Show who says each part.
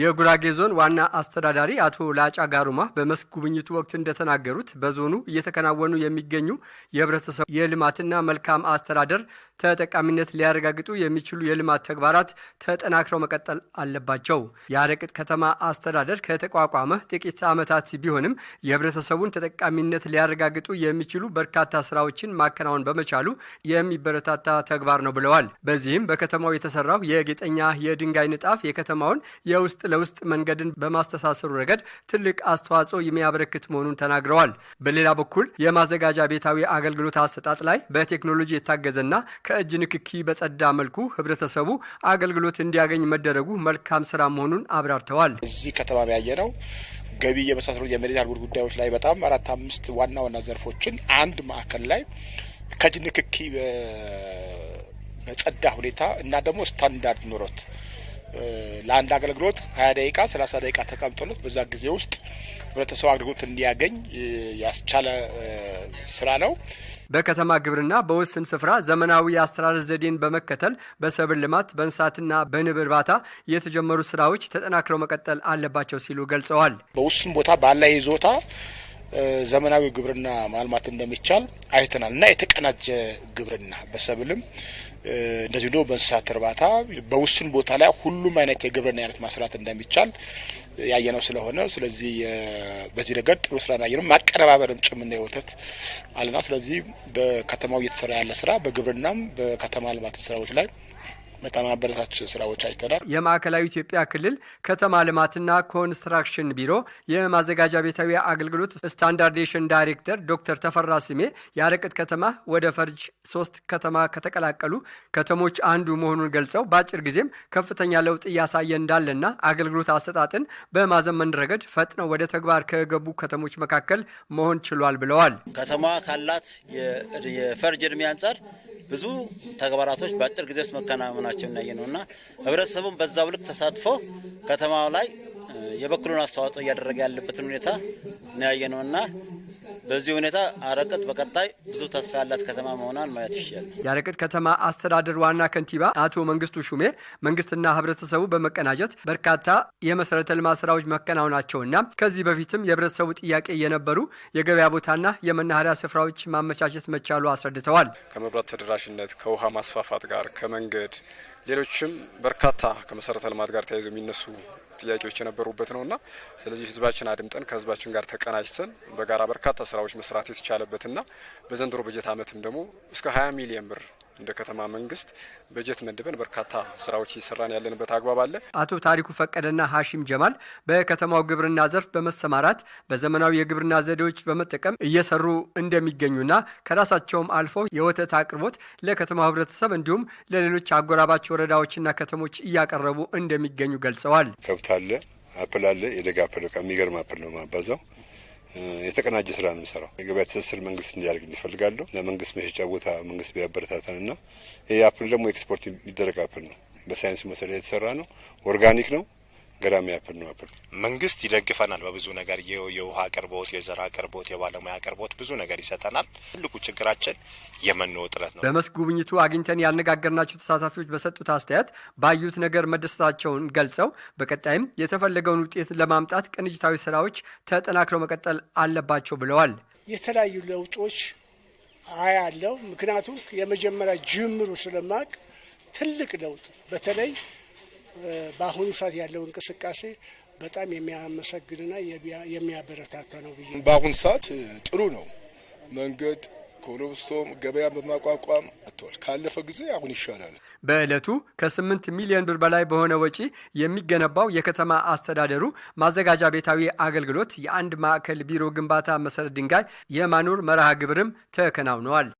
Speaker 1: የጉራጌ ዞን ዋና አስተዳዳሪ አቶ ላጫ ጋሩማ በመስክ ጉብኝቱ ወቅት እንደተናገሩት በዞኑ እየተከናወኑ የሚገኙ የህብረተሰቡ የልማትና መልካም አስተዳደር ተጠቃሚነት ሊያረጋግጡ የሚችሉ የልማት ተግባራት ተጠናክረው መቀጠል አለባቸው። የአረቅጥ ከተማ አስተዳደር ከተቋቋመ ጥቂት ዓመታት ቢሆንም የህብረተሰቡን ተጠቃሚነት ሊያረጋግጡ የሚችሉ በርካታ ስራዎችን ማከናወን በመቻሉ የሚበረታታ ተግባር ነው ብለዋል። በዚህም በከተማው የተሰራው የጌጠኛ የድንጋይ ንጣፍ የከተማውን የውስጥ ለውስጥ መንገድን በማስተሳሰሩ ረገድ ትልቅ አስተዋጽኦ የሚያበረክት መሆኑን ተናግረዋል። በሌላ በኩል የማዘጋጃ ቤታዊ አገልግሎት አሰጣጥ ላይ በቴክኖሎጂ የታገዘና ከእጅ ንክኪ በጸዳ መልኩ ህብረተሰቡ አገልግሎት እንዲያገኝ መደረጉ መልካም ስራ መሆኑን አብራርተዋል።
Speaker 2: እዚህ ከተማ ያየ ነው ገቢ የመሳሰሉ የመሬት አልጉድ ጉዳዮች ላይ በጣም አራት አምስት ዋና ዋና ዘርፎችን አንድ ማዕከል ላይ ከእጅ ንክኪ በጸዳ ሁኔታ እና ደግሞ ስታንዳርድ ኑሮት ለአንድ አገልግሎት ሀያ ደቂቃ ሰላሳ ደቂቃ ተቀምጦለት በዛ ጊዜ ውስጥ ህብረተሰቡ አገልግሎት እንዲያገኝ ያስቻለ ስራ ነው።
Speaker 1: በከተማ ግብርና በውስን ስፍራ ዘመናዊ የአስተራረስ ዘዴን በመከተል በሰብል ልማት በእንስሳትና በንብ እርባታ የተጀመሩ ስራዎች ተጠናክረው መቀጠል አለባቸው ሲሉ ገልጸዋል።
Speaker 2: በውስን ቦታ ባለ ይዞታ ዘመናዊ ግብርና ማልማት እንደሚቻል አይተናል እና የተቀናጀ ግብርና በሰብልም እንደዚህ ደግሞ በእንስሳት እርባታ በውስን ቦታ ላይ ሁሉም አይነት የግብርና አይነት ማስራት እንደሚቻል ያየነው ስለሆነ ስለዚህ በዚህ ረገድ ጥሩ ስራ ያየነው ማቀነባበርም ጭምና የወተት አለና ስለዚህ በከተማው እየተሰራ ያለ ስራ በግብርናም በከተማ ልማት ስራዎች ላይ በጣም አበረታች ስራዎች አይተናል።
Speaker 1: የማዕከላዊ ኢትዮጵያ ክልል ከተማ ልማትና ኮንስትራክሽን ቢሮ የማዘጋጃ ቤታዊ አገልግሎት ስታንዳርዴሽን ዳይሬክተር ዶክተር ተፈራ ስሜ የአረቅት ከተማ ወደ ፈርጅ ሶስት ከተማ ከተቀላቀሉ ከተሞች አንዱ መሆኑን ገልጸው በአጭር ጊዜም ከፍተኛ ለውጥ እያሳየ እንዳለና አገልግሎት አሰጣጥን በማዘመን ረገድ ፈጥነው ወደ ተግባር ከገቡ ከተሞች መካከል መሆን ችሏል ብለዋል።
Speaker 2: ከተማ ካላት የፈርጅ እድሜ አንጻር ብዙ ተግባራቶች በአጭር ጊዜ ውስጥ መከናወናቸው እናየ ነው እና ህብረተሰቡም በዛው ልክ ተሳትፎ ከተማው ላይ የበኩሉን አስተዋጽኦ እያደረገ ያለበትን ሁኔታ እናያየ ነው እና በዚህ ሁኔታ አረቅት በቀጣይ ብዙ ተስፋ ያላት ከተማ መሆኗን ማየት ይችላል።
Speaker 1: የአረቅት ከተማ አስተዳደር ዋና ከንቲባ አቶ መንግስቱ ሹሜ መንግስትና ህብረተሰቡ በመቀናጀት በርካታ የመሰረተ ልማት ስራዎች መከናወናቸውና ከዚህ በፊትም የህብረተሰቡ ጥያቄ የነበሩ የገበያ ቦታና የመናኸሪያ ስፍራዎች ማመቻቸት መቻሉ አስረድተዋል።
Speaker 3: ከመብራት ተደራሽነት፣ ከውሃ ማስፋፋት ጋር ከመንገድ ሌሎችም በርካታ ከመሰረተ ልማት ጋር ተያይዞ የሚነሱ ጥያቄዎች የነበሩበት ነውና ስለዚህ ህዝባችን አድምጠን ከህዝባችን ጋር ተቀናጅተን በጋራ በርካታ ስራዎች መስራት የተቻለበትና በዘንድሮ በጀት ዓመትም ደግሞ እስከ 20 ሚሊዮን ብር እንደ ከተማ መንግስት በጀት መድበን በርካታ ስራዎች እየሰራን ያለንበት አግባብ አለ።
Speaker 1: አቶ ታሪኩ ፈቀደና ሀሺም ጀማል በከተማው ግብርና ዘርፍ በመሰማራት በዘመናዊ የግብርና ዘዴዎች በመጠቀም እየሰሩ እንደሚገኙና ከራሳቸውም አልፎ የወተት አቅርቦት ለከተማው ህብረተሰብ እንዲሁም ለሌሎች አጎራባች ወረዳዎችና ከተሞች እያቀረቡ እንደሚገኙ ገልጸዋል።
Speaker 4: ከብት አለ፣ አፕል አለ። የደጋ አፕል የሚገርም አፕል ነው ማባዛው የተቀናጀ ስራ ነው የሚሰራው። የገበያ ትስስር መንግስት እንዲያደርግ እንፈልጋለሁ። ለመንግስት መሸጫ ቦታ መንግስት ቢያበረታተን ና ይህ አፕል ደግሞ ኤክስፖርት የሚደረግ አፕል ነው። በሳይንሱ መሰረት የተሰራ ነው። ኦርጋኒክ ነው። ገዳሚ ያፍር ነው ያፍር
Speaker 5: መንግስት ይደግፈናል በብዙ ነገር የውሃ አቅርቦት፣ የዘር አቅርቦት፣ የባለሙያ አቅርቦት ብዙ ነገር ይሰጠናል። ትልቁ ችግራችን የመኖ እጥረት
Speaker 1: ነው። በመስክ ጉብኝቱ አግኝተን ያነጋገርናቸው ተሳታፊዎች በሰጡት አስተያየት ባዩት ነገር መደሰታቸውን ገልጸው በቀጣይም የተፈለገውን ውጤት ለማምጣት ቅንጅታዊ ስራዎች ተጠናክረው መቀጠል አለባቸው ብለዋል።
Speaker 6: የተለያዩ ለውጦች አያለው። ምክንያቱም የመጀመሪያ ጅምሩ ስለማቅ ትልቅ ለውጥ በተለይ በአሁኑ ሰዓት ያለው እንቅስቃሴ በጣም የሚያመሰግንና የሚያበረታታ ነው ብዬ
Speaker 4: በአሁኑ ሰዓት ጥሩ ነው። መንገድ ኮብልስቶን ገበያን በማቋቋም አጥቷል። ካለፈ ጊዜ አሁን ይሻላል።
Speaker 1: በዕለቱ ከ8 ሚሊዮን ብር በላይ በሆነ ወጪ የሚገነባው የከተማ አስተዳደሩ ማዘጋጃ ቤታዊ አገልግሎት የአንድ ማዕከል ቢሮ ግንባታ መሰረት ድንጋይ የማኖር መርሃ ግብርም ተከናውነዋል።